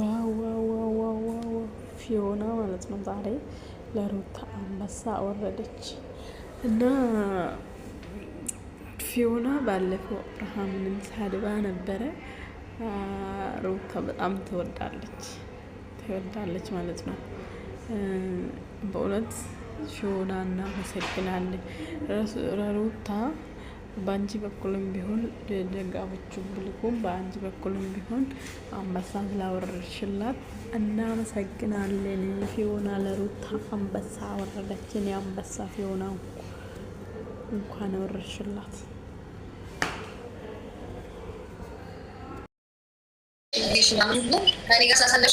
ዋው ፊዮና ማለት ነው ዛሬ ለሩታ አንበሳ ወረደች እና ፊዮና ባለፈው አብርሃምንም ሳድባ ነበረ። ሩታ በጣም ትወዳለች ትወዳለች ማለት ነው። በእውነት ፊዮና እናመሰግናለን ሩታ በአንቺ በኩልም ቢሆን ደጋፎቹ ብልኩ በአንቺ በኩልም ቢሆን አንበሳ ስላወረድሽላት እናመሰግናለን። ፊዮና ለሩታ አንበሳ አወረደችን። የአንበሳ ፊዮና እንኳን አወረድሽላት። ሪጋሳሳለሽ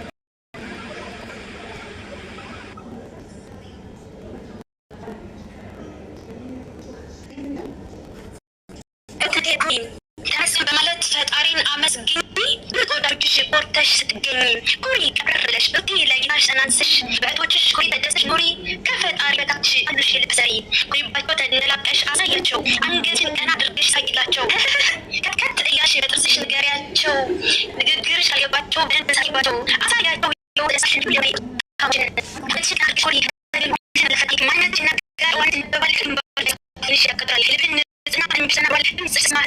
በወንዶችሽ ኮርተሽ ስትገኝ ኩሪ ቀብረር ብለሽ እቴ ለጌታሽ ተናንስሽ በእህቶችሽ ኩሪ ተደሰሽ ኩሪ ከፈጣሪ በታች አንዱሽ ልብሰሪ ኩሪባቸው ተንደላቀሽ አሳያቸው አንገትሽን ቀና አድርገሽ ሳይላቸው ከትከት ጥያሽ በጥርስሽ ንገሪያቸው ንግግርሽ አልገባቸው በደንብ ሳይባቸው አሳያቸው የወደሳሽን ሁሉ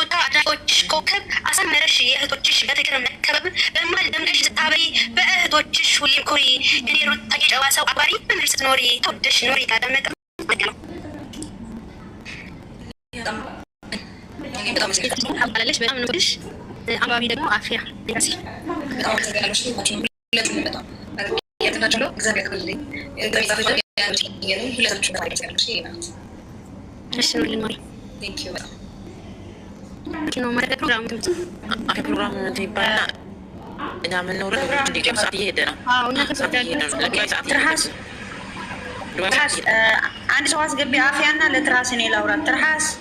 ሩታ አድናቂዎች ኮከብ አሳመረሽ የእህቶችሽ በፍቅር መከበብ በማል ደምቀሽ ስታበይ በእህቶችሽ ሁሌም ኮሪ። እኔ ሩታ የጨዋ ሰው አባሪ ምርስ ኖሪ ተወደሽ ኖሪ ታደመጠ አባላለች በጣም ንሽ አንባቢ ደግሞ አፍያ ሁለቱም ترشحوا لي المرة ثانك يو كانوا مرة بروجرام أكيد بروجرام تيبا إذا عملنا ورد عندي كم ساعة يدنا آه ونا كم ساعة يدنا لكن ساعة ترحاس ترحاس آه، عندي سواس قبي عافية أنا لترحاسني لورا ترحاس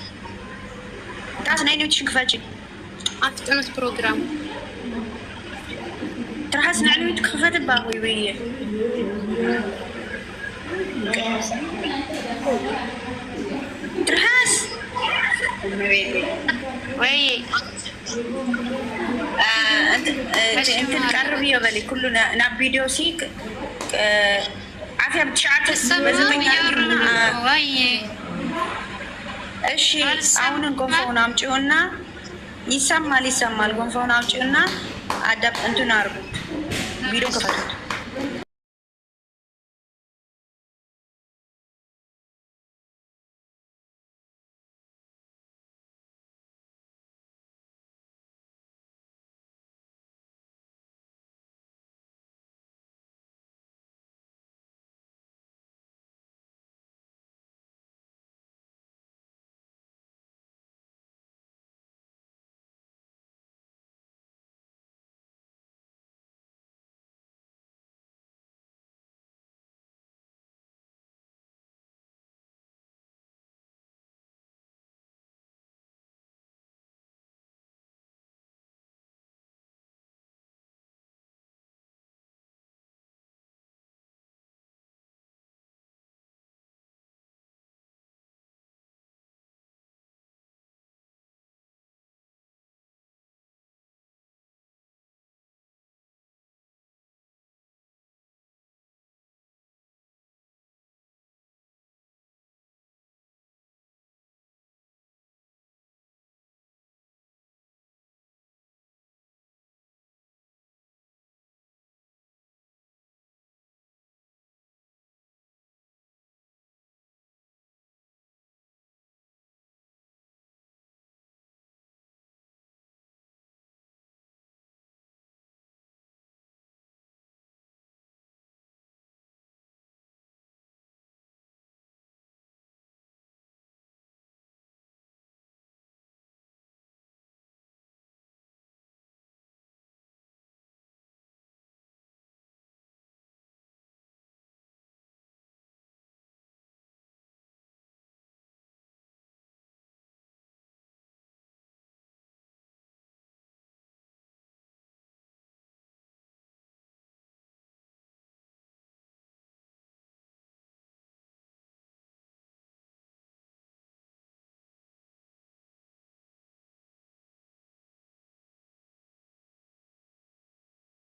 ترحاس نيني وتشوف فاجي عرفت أنا بروجرام ترحاس نعلوي تكفت باهوي ويا ድረስ ወይ እንትን ቀርብ የበል ኩሉ ናብ ቪዲዮ ሲ አፍያ ብትሸዓተ በዘጠኛ እሺ አሁንን ጎንፎውን አምጪውና ይሰማል ይሰማል። ጎንፎውን አምጪውና አዳብ እንትን አርጉት ቪዲዮ ክፈቱት።